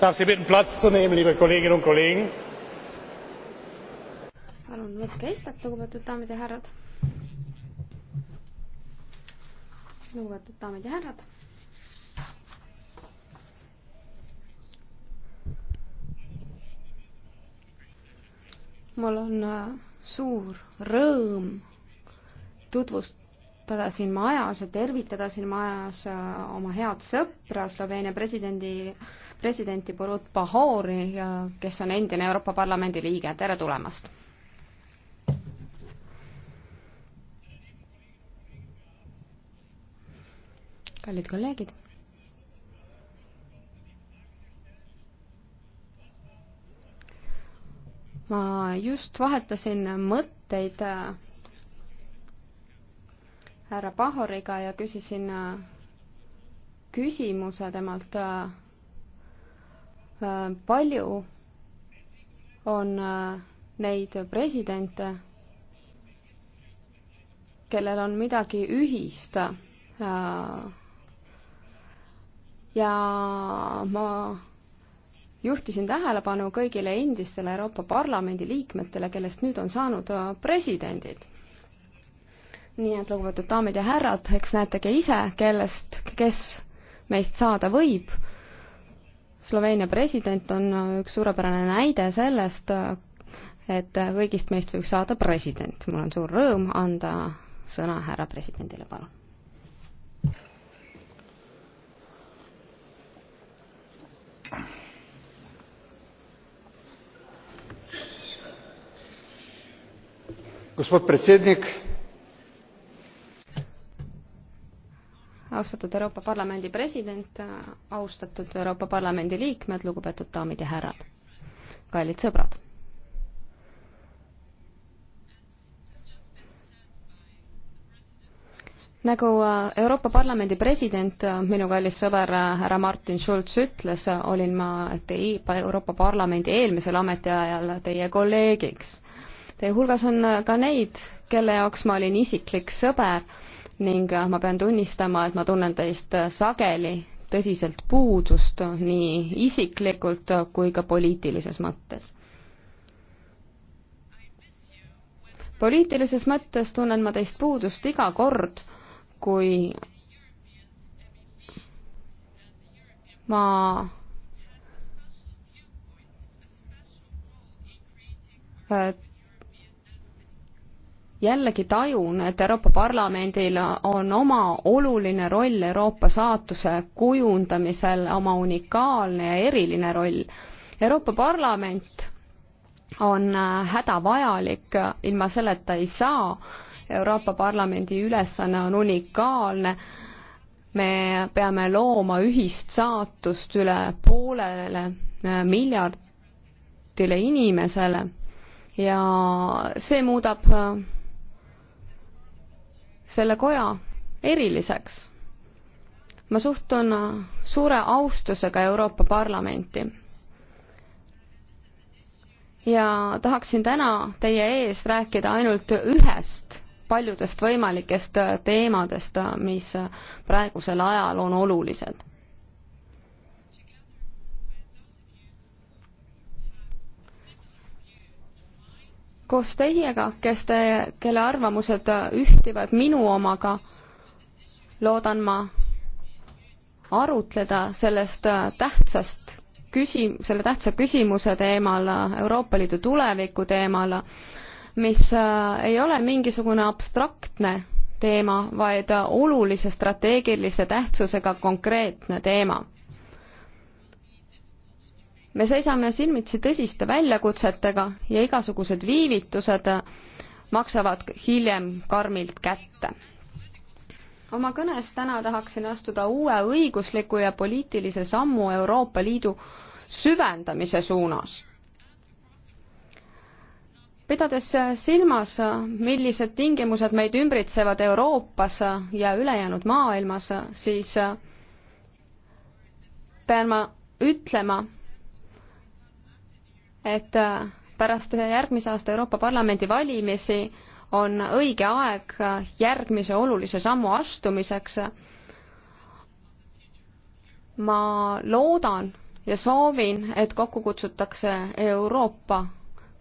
darf sie bitten platz zu nehmen liebe kolleginnen und kollegen! palun võtke istet lugupeetud daamid ja härrad lugupeetud daamid ja härrad mul on äh, suur rõõm tutvustada siin majas ja tervitada siin majas äh, oma head sõpra Sloveenia presidendi presidenti Borut Pahori, kes on endine Euroopa Parlamendi liige, tere tulemast! kallid kolleegid ma just vahetasin mõtteid äh, härra Pahoriga ja küsisin äh, küsimuse temalt äh, palju on äh, neid presidente, kellel on midagi ühist. Äh, ja ma juhtisin tähelepanu kõigile endistele Euroopa Parlamendi liikmetele, kellest nüüd on saanud äh, presidendid. nii et lugupeetud daamid ja härrad, eks näete ka ise, kellest, kes meist saada võib Sloveenia president on üks suurepärane näide sellest, et kõigist meist võiks saada president. mul on suur rõõm anda sõna härra presidendile, palun. gospod predsednik austatud Euroopa Parlamendi president, austatud Euroopa Parlamendi liikmed, lugupeetud daamid ja härrad, kallid sõbrad. nagu äh, Euroopa Parlamendi president, äh, minu kallis sõber äh, härra Martin Schulz ütles, olin ma teie, Euroopa Parlamendi eelmisel ametiajal teie kolleegiks. Teie hulgas on ka neid, kelle jaoks ma olin isiklik sõber ning äh, ma pean tunnistama, et ma tunnen teist äh, sageli tõsiselt puudust nii isiklikult äh, kui ka poliitilises mõttes. poliitilises mõttes tunnen ma teist puudust iga kord, kui ma jällegi tajun, et Euroopa Parlamendil on oma oluline roll Euroopa saatuse kujundamisel, oma unikaalne ja eriline roll. Euroopa Parlament on äh, hädavajalik, ilma selleta ei saa. Euroopa Parlamendi ülesanne on unikaalne, me peame looma ühist saatust üle poolele äh, miljardile inimesele ja see muudab äh, selle koja eriliseks. ma suhtun suure austusega Euroopa Parlamenti. ja tahaksin täna teie ees rääkida ainult ühest paljudest võimalikest teemadest, mis praegusel ajal on olulised koos teiega, kes te, kelle arvamused ühtivad minu omaga, loodan ma arutleda sellest tähtsast küsi-, selle tähtsa küsimuse teemal, Euroopa Liidu tuleviku teemal, mis äh, ei ole mingisugune abstraktne teema, vaid olulise strateegilise tähtsusega konkreetne teema me seisame silmitsi tõsiste väljakutsetega ja igasugused viivitused maksavad hiljem karmilt kätte. oma kõnes täna tahaksin astuda uue õigusliku ja poliitilise sammu Euroopa Liidu süvendamise suunas. pidades silmas, millised tingimused meid ümbritsevad Euroopas ja ülejäänud maailmas, siis pean ma ütlema, et äh, pärast järgmise aasta Euroopa Parlamendi valimisi on õige aeg äh, järgmise olulise sammu astumiseks. ma loodan ja soovin, et kokku kutsutakse Euroopa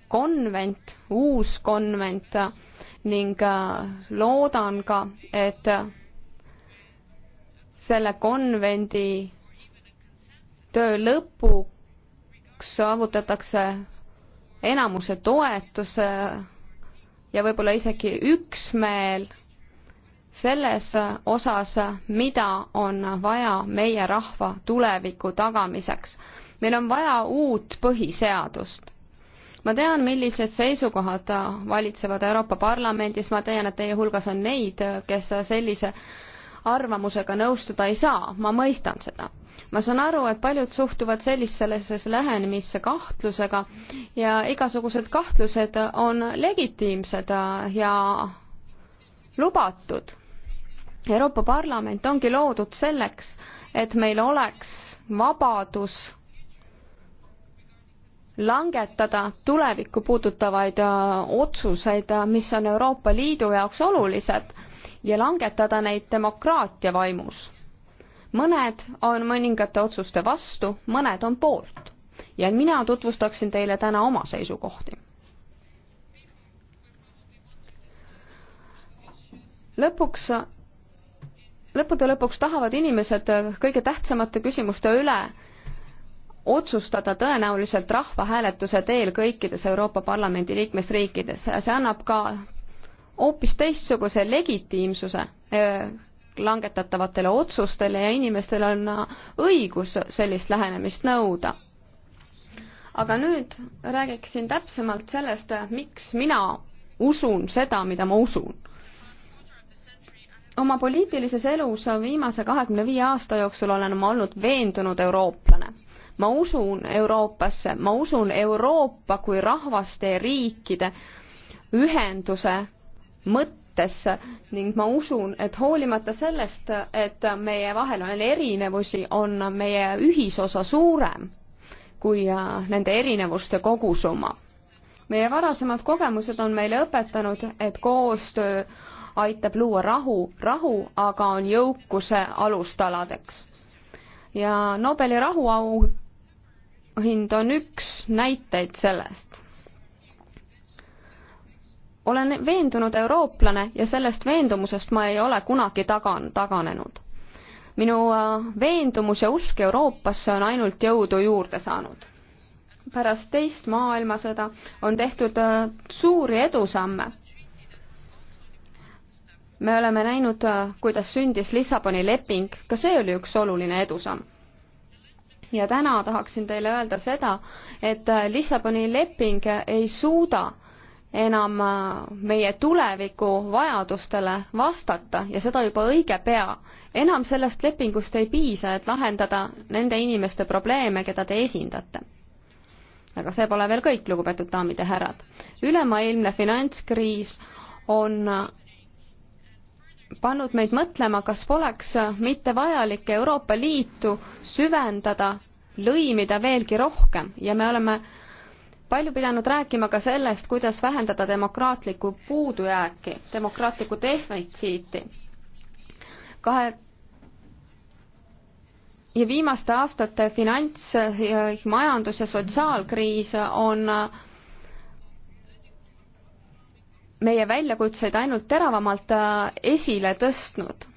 konvent, uus konvent ning äh, loodan ka, et selle konvendi töö lõpuks saavutatakse enamuse toetuse äh, ja võib-olla isegi üksmeel selles osas, mida on vaja meie rahva tuleviku tagamiseks. meil on vaja uut põhiseadust. ma tean, millised seisukohad valitsevad Euroopa Parlamendis, ma tean, et teie hulgas on neid, kes sellise arvamusega nõustuda ei saa, ma mõistan seda ma saan aru, et paljud suhtuvad sellisesse lähenemisse kahtlusega ja igasugused kahtlused on legitiimsed ja lubatud. Euroopa Parlament ongi loodud selleks, et meil oleks vabadus langetada tulevikku puudutavaid äh, otsuseid, äh, mis on Euroopa Liidu jaoks olulised ja langetada neid demokraatia vaimus mõned on mõningate otsuste vastu, mõned on poolt. ja mina tutvustaksin teile täna oma seisukohti. lõpuks, lõppude lõpuks tahavad inimesed kõige tähtsamate küsimuste üle otsustada tõenäoliselt rahvahääletuse teel kõikides Euroopa Parlamendi liikmesriikides. see annab ka hoopis teistsuguse legitiimsuse eh, langetatavatele otsustele ja inimestel on õigus sellist lähenemist nõuda. aga nüüd räägiksin täpsemalt sellest, miks mina usun seda, mida ma usun. oma poliitilises elus viimase kahekümne viie aasta jooksul olen ma olnud veendunud eurooplane ma usun Euroopasse, ma usun Euroopa kui rahvaste ja riikide ühenduse mõtte mõttesse ning ma usun, et hoolimata sellest, et meie vahel on erinevusi, on meie ühisosa suurem kui äh, nende erinevuste kogusumma. meie varasemad kogemused on meile õpetanud, et koostöö aitab luua rahu, rahu aga on jõukuse alustaladeks. ja Nobeli rahuauhind on üks näiteid sellest olen veendunud eurooplane ja sellest veendumusest ma ei ole kunagi tagan-, taganenud. minu äh, veendumus ja usk Euroopasse on ainult jõudu juurde saanud. pärast teist maailmasõda on tehtud äh, suuri edusamme. me oleme näinud, äh, kuidas sündis Lissaboni leping, ka see oli üks oluline edusamm ja täna tahaksin teile öelda seda, et Lissaboni leping ei suuda enam äh, meie tuleviku vajadustele vastata ja seda juba õige pea. enam sellest lepingust ei piisa, et lahendada nende inimeste probleeme, keda te esindate. aga see pole veel kõik, lugupeetud daamid ja härrad. ülemaailmne finantskriis on äh, pannud meid mõtlema, kas poleks äh, mitte vajalik Euroopa Liitu süvendada, lõimida veelgi rohkem ja me oleme palju pidanud rääkima ka sellest, kuidas vähendada demokraatlikku puudujääki, demokraatlikku defitsiiti. kahe ja viimaste aastate finants, majandus- ja sotsiaalkriis on meie väljakutseid ainult teravamalt esile tõstnud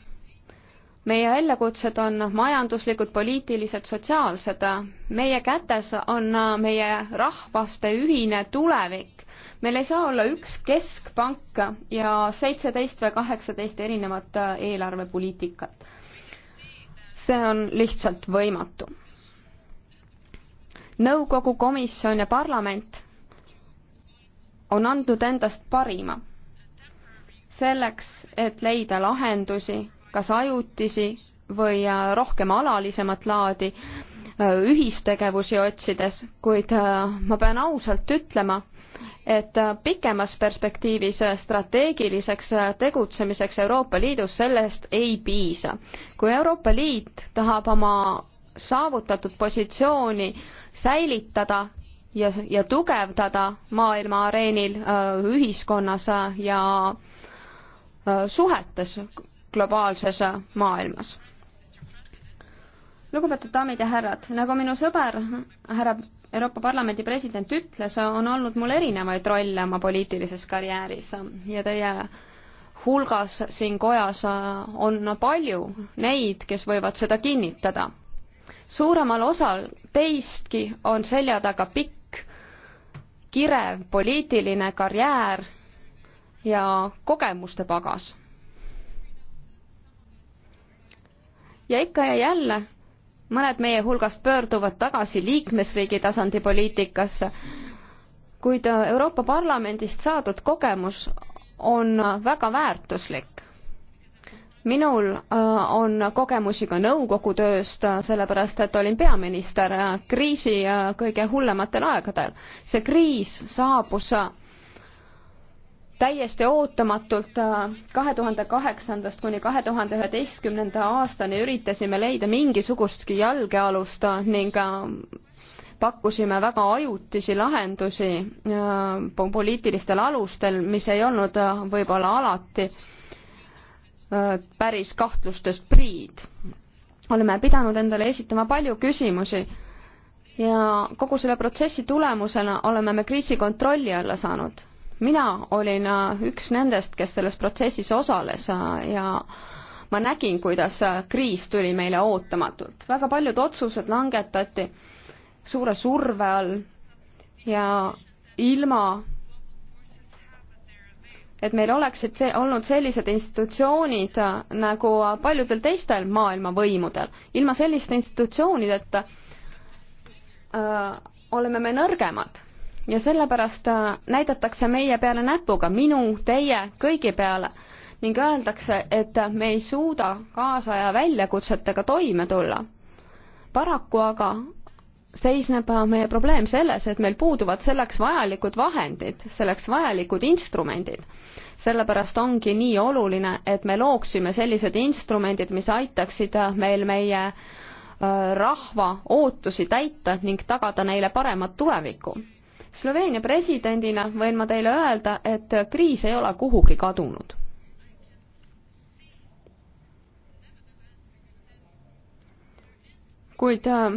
meie väljakutsed on majanduslikud, poliitilised, sotsiaalsed. meie kätes on meie rahvaste ühine tulevik. meil ei saa olla üks keskpank ja seitseteist või kaheksateist erinevat eelarvepoliitikat. see on lihtsalt võimatu. nõukogu, komisjon ja parlament on andnud endast parima selleks, et leida lahendusi kas ajutisi või äh, rohkem alalisemat laadi äh, ühistegevusi otsides, kuid äh, ma pean ausalt ütlema, et pikemas perspektiivis strateegiliseks tegutsemiseks Euroopa Liidus sellest ei piisa. kui Euroopa Liit tahab oma saavutatud positsiooni säilitada ja, ja tugevdada maailma areenil, ühiskonnas ja suhetes globaalses maailmas. lugupeetud daamid ja härrad, nagu minu sõber härra Euroopa Parlamendi president ütles, on olnud mul erinevaid rolle oma poliitilises karjääris ja teie hulgas siin kojas on palju neid, kes võivad seda kinnitada. suuremal osal teistki on selja taga pikk, kirev poliitiline karjäär ja kogemuste pagas ja ikka ja jälle mõned meie hulgast pöörduvad tagasi liikmesriigi tasandi poliitikasse, kuid Euroopa Parlamendist saadud kogemus on väga väärtuslik. minul äh, on kogemusi ka nõukogu tööst, äh, sellepärast et olin peaminister äh, kriisi kõige hullematel aegadel. see kriis saabus täiesti ootamatult äh, kahe tuhande kaheksandast kuni kahe tuhande üheteistkümnenda aastani üritasime leida mingisugustki jalgealust äh, ning äh, pakkusime väga ajutisi lahendusi poliitilistel alustel, mis ei olnud võib-olla alati päris kahtlustest priid. oleme pidanud endale esitama palju küsimusi ja kogu selle protsessi tulemusena oleme me kriisi kontrolli alla saanud mina olin äh, üks nendest, kes selles protsessis osales äh, ja ma nägin, kuidas äh, kriis tuli meile ootamatult. väga paljud otsused langetati suure surve all ja ilma et meil oleksid see, olnud sellised institutsioonid nagu paljudel teistel maailma võimudel. ilma selliste institutsioonideta öö, oleme me nõrgemad ja sellepärast äh, näidatakse meie peale näpuga, minu, teie, kõigi peale ning öeldakse, et me ei suuda kaasaja väljakutsetega toime tulla. paraku aga seisneb meie probleem selles, et meil puuduvad selleks vajalikud vahendid, selleks vajalikud instrumendid. sellepärast ongi nii oluline, et me looksime sellised instrumendid, mis aitaksid meil meie äh, rahva ootusi täita ning tagada neile paremat tulevikku Sloveenia presidendina võin ma teile öelda, et kriis ei ole kuhugi kadunud. kuid äh,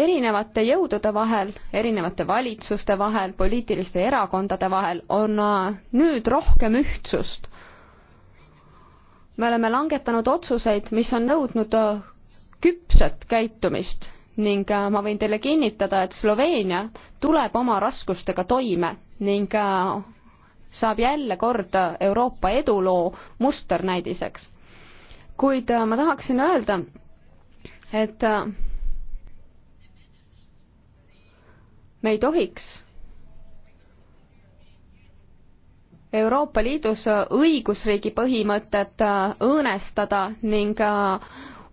erinevate jõudude vahel, erinevate valitsuste vahel, poliitiliste erakondade vahel on äh, nüüd rohkem ühtsust. me oleme langetanud otsuseid, mis on nõudnud äh, küpset käitumist ning äh, ma võin teile kinnitada, et Sloveenia tuleb oma raskustega toime ning äh, saab jälle kord Euroopa eduloo musternäidiseks. kuid äh, ma tahaksin öelda, et me ei tohiks Euroopa Liidus õigusriigi põhimõtet õõnestada ning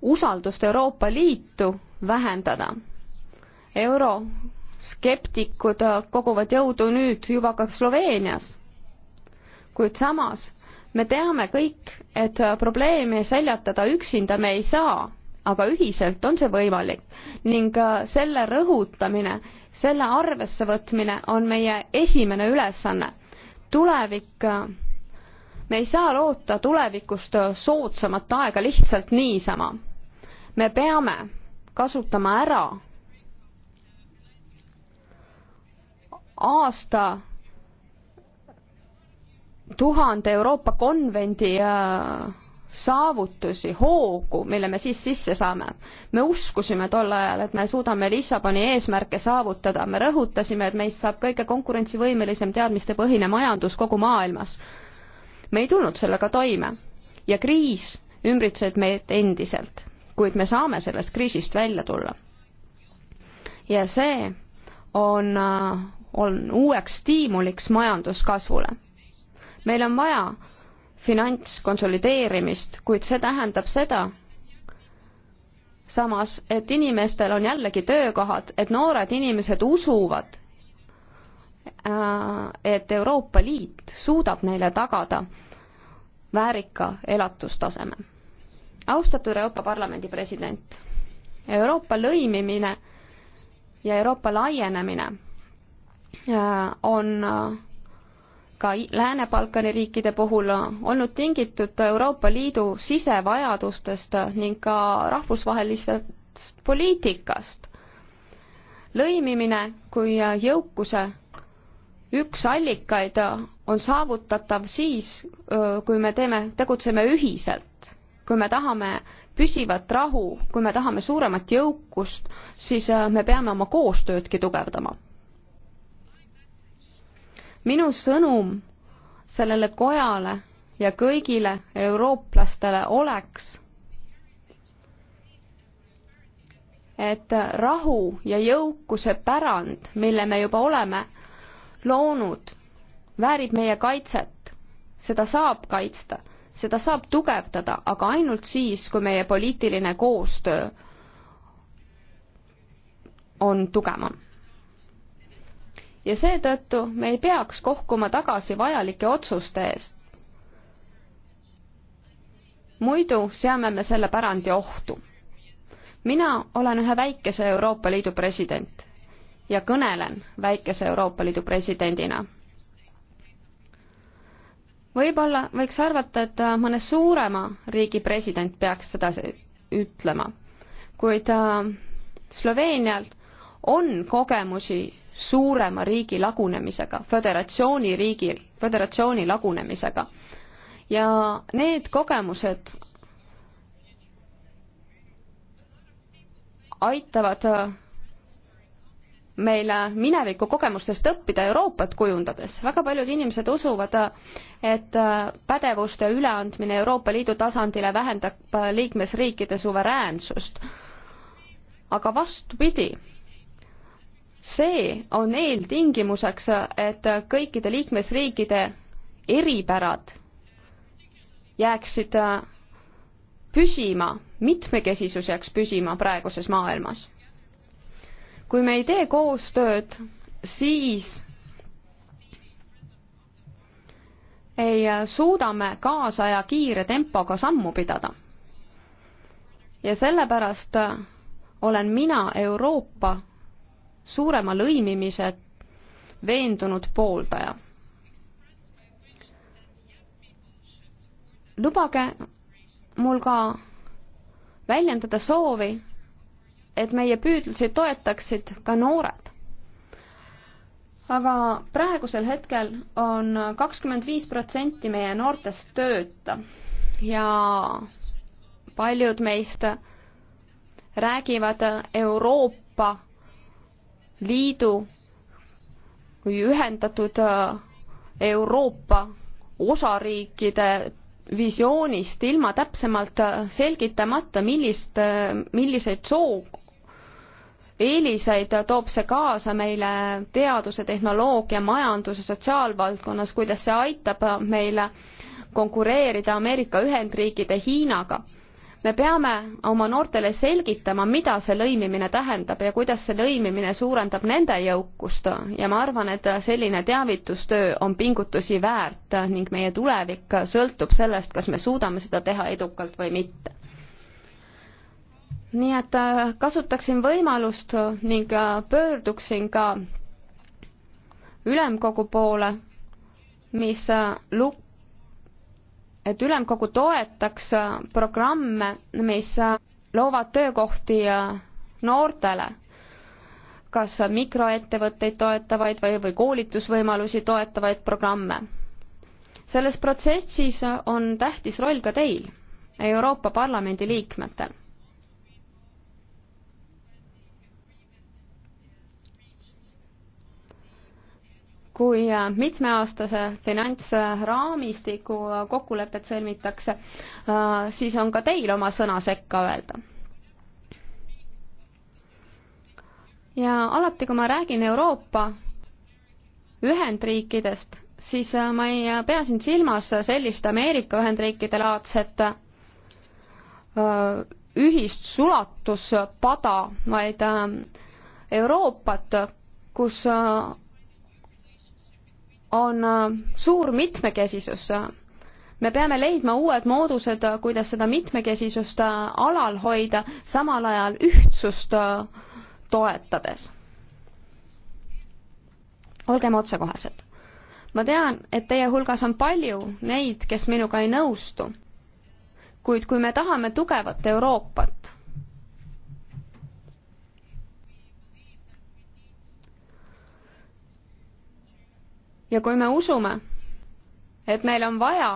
usaldust Euroopa Liitu vähendada. euroskeptikud koguvad jõudu nüüd juba ka Sloveenias, kuid samas me teame kõik, et probleemi seljatada üksinda me ei saa, aga ühiselt on see võimalik ning selle rõhutamine, selle arvessevõtmine on meie esimene ülesanne. tulevik, me ei saa loota tulevikust soodsamat aega lihtsalt niisama. me peame kasutama ära aasta tuhande Euroopa konvendi äh, saavutusi, hoogu, mille me siis sisse saame. me uskusime tol ajal, et me suudame Lissaboni eesmärke saavutada, me rõhutasime, et meist saab kõige konkurentsivõimelisem teadmistepõhine majandus kogu maailmas. me ei tulnud sellega toime ja kriis ümbritseb meid endiselt kuid me saame sellest kriisist välja tulla. ja see on, on uueks stiimuliks majanduskasvule. meil on vaja finantskonsolideerimist, kuid see tähendab seda, samas, et inimestel on jällegi töökohad, et noored inimesed usuvad, äh, et Euroopa Liit suudab neile tagada väärika elatustaseme austatud Euroopa Parlamendi president, Euroopa lõimimine ja Euroopa laienemine äh, on äh, ka Lääne-Balkani riikide puhul äh, olnud tingitud Euroopa Liidu sisevajadustest ning ka rahvusvahelisest poliitikast. lõimimine kui jõukuse üks allikaid on saavutatav siis, kui me teeme, tegutseme ühiselt kui me tahame püsivat rahu, kui me tahame suuremat jõukust, siis äh, me peame oma koostöödki tugevdama. minu sõnum sellele kojale ja kõigile eurooplastele oleks, et rahu ja jõukuse pärand, mille me juba oleme loonud, väärib meie kaitset, seda saab kaitsta seda saab tugevdada, aga ainult siis, kui meie poliitiline koostöö on tugevam. ja seetõttu me ei peaks kohkuma tagasi vajalike otsuste eest. muidu seame me selle pärandi ohtu. mina olen ühe väikese Euroopa Liidu president ja kõnelen väikese Euroopa Liidu presidendina võib-olla võiks arvata, et äh, mõne suurema riigi president peaks seda ütlema, kuid äh, Sloveenial on kogemusi suurema riigi lagunemisega, föderatsiooni riigil, föderatsiooni lagunemisega. ja need kogemused aitavad äh, meil mineviku kogemustest õppida Euroopat kujundades. väga paljud inimesed usuvad, et pädevuste üleandmine Euroopa Liidu tasandile vähendab liikmesriikide suveräänsust. aga vastupidi, see on eeltingimuseks, et kõikide liikmesriikide eripärad jääksid püsima, mitmekesisus jääks püsima praeguses maailmas kui me ei tee koostööd, siis ei suuda me kaasaja kiire tempoga sammu pidada. ja sellepärast olen mina Euroopa suurema lõimimise veendunud pooldaja. lubage mul ka väljendada soovi, et meie püüdlusi toetaksid ka noored. aga praegusel hetkel on kakskümmend viis protsenti meie noortest tööta ja paljud meist räägivad Euroopa Liidu kui ühendatud äh, Euroopa osariikide visioonist ilma täpsemalt äh, selgitamata, millist, äh, milliseid soov eeliseid toob see kaasa meile teaduse, tehnoloogia, majanduse, sotsiaalvaldkonnas, kuidas see aitab meile konkureerida Ameerika Ühendriikide Hiinaga. me peame oma noortele selgitama, mida see lõimimine tähendab ja kuidas see lõimimine suurendab nende jõukust ja ma arvan, et selline teavitustöö on pingutusi väärt ning meie tulevik sõltub sellest, kas me suudame seda teha edukalt või mitte nii et äh, kasutaksin võimalust ning äh, pöörduksin ka ülemkogu poole, mis äh, lu-, et ülemkogu toetaks programme, mis loovad töökohti noortele, kas mikroettevõtteid toetavaid või, või koolitusvõimalusi toetavaid programme. selles protsessis on tähtis roll ka teil, Euroopa Parlamendi liikmetel kui äh, mitmeaastase finantsraamistiku äh, kokkulepet sõlmitakse, äh, siis on ka teil oma sõna sekka öelda. ja alati, kui ma räägin Euroopa Ühendriikidest, siis ma ei pea siin silmas sellist Ameerika Ühendriikide laadset ühist sulatuspada, vaid Euroopat, kus on äh, suur mitmekesisus. me peame leidma uued moodused, äh, kuidas seda mitmekesisust äh, alal hoida, samal ajal ühtsust toetades. olgem otsekohesed. ma tean, et teie hulgas on palju neid, kes minuga ei nõustu. kuid kui me tahame tugevat Euroopat, ja kui me usume, et meil on vaja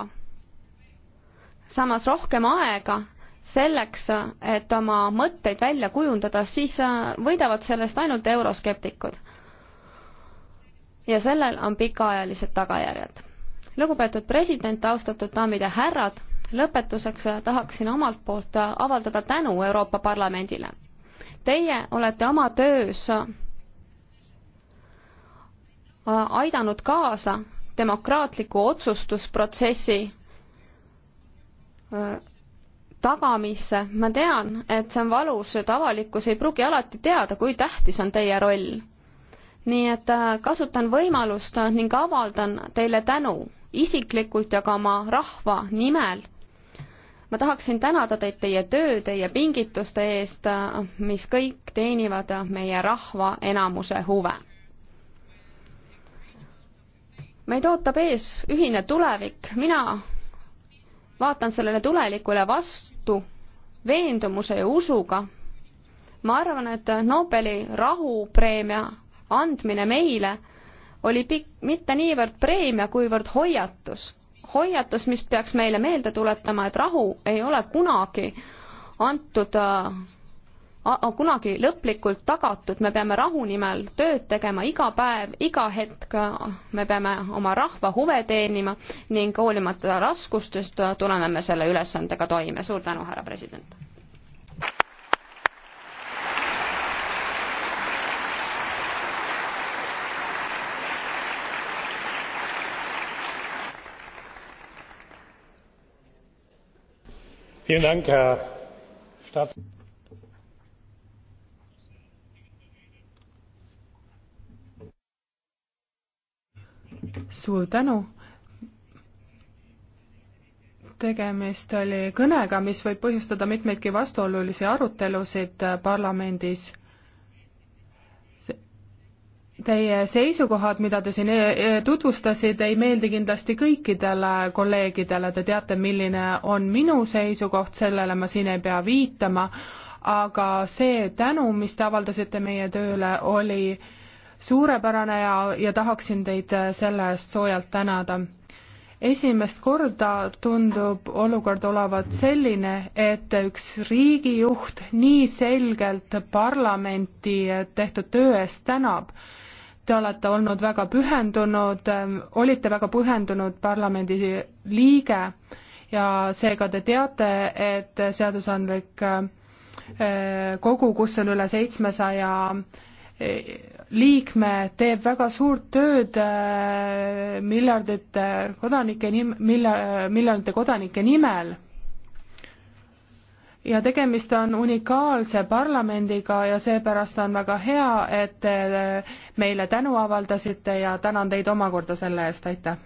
samas rohkem aega selleks, et oma mõtteid välja kujundada, siis äh, võidavad sellest ainult euroskeptikud. ja sellel on pikaajalised tagajärjed. lugupeetud president, austatud daamid ja härrad, lõpetuseks äh, tahaksin omalt poolt äh, avaldada tänu Euroopa Parlamendile. Teie olete oma töös Äh, aidanud kaasa demokraatliku otsustusprotsessi äh, tagamisse. ma tean, et see on valus, et avalikkus ei pruugi alati teada, kui tähtis on teie roll. nii et äh, kasutan võimalust ning avaldan teile tänu isiklikult ja ka oma rahva nimel. ma tahaksin tänada teid teie töö, teie pingituste eest, mis kõik teenivad meie rahva enamuse huve meid ootab ees ühine tulevik, mina vaatan sellele tulevikule vastu veendumuse ja usuga. ma arvan, et Nobeli rahupreemia andmine meile oli pikk, mitte niivõrd preemia, kuivõrd hoiatus. hoiatus, mis peaks meile meelde tuletama, et rahu ei ole kunagi antud äh, kunagi lõplikult tagatud, me peame rahu nimel tööd tegema iga päev, iga hetk, me peame oma rahva huve teenima ning hoolimata raskustest tuleme me selle ülesandega toime. suur tänu, härra president! vielen dank herr staatspräsident! suur tänu. tegemist oli kõnega, mis võib põhjustada mitmeidki vastuolulisi arutelusid äh, parlamendis Teie seisukohad, mida te siin e-, e-, tutvustasite, ei meeldi kindlasti kõikidele kolleegidele, te teate, milline on minu seisukoht, sellele ma siin ei pea viitama, aga see tänu, mis te avaldasite meie tööle, oli suurepärane ja, ja tahaksin teid selle eest soojalt tänada. esimest korda tundub olukord olevat selline, et üks riigijuht nii selgelt parlamenti tehtud töö eest tänab. Te olete olnud väga pühendunud, olite väga pühendunud parlamendi liige ja seega te teate, et seadusandlik eh, kogu, kus on üle seitsmesaja 700 liikme teeb väga suurt tööd äh, miljardite kodanike nim-, milja-, miljonite kodanike nimel. ja tegemist on unikaalse parlamendiga ja seepärast on väga hea, et te meile tänu avaldasite ja tänan teid omakorda selle eest, aitäh!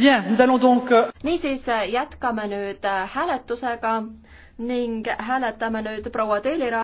Euh, niisiis jätkame nüüd äh, hääletusega ning hääletame nüüd proua Teli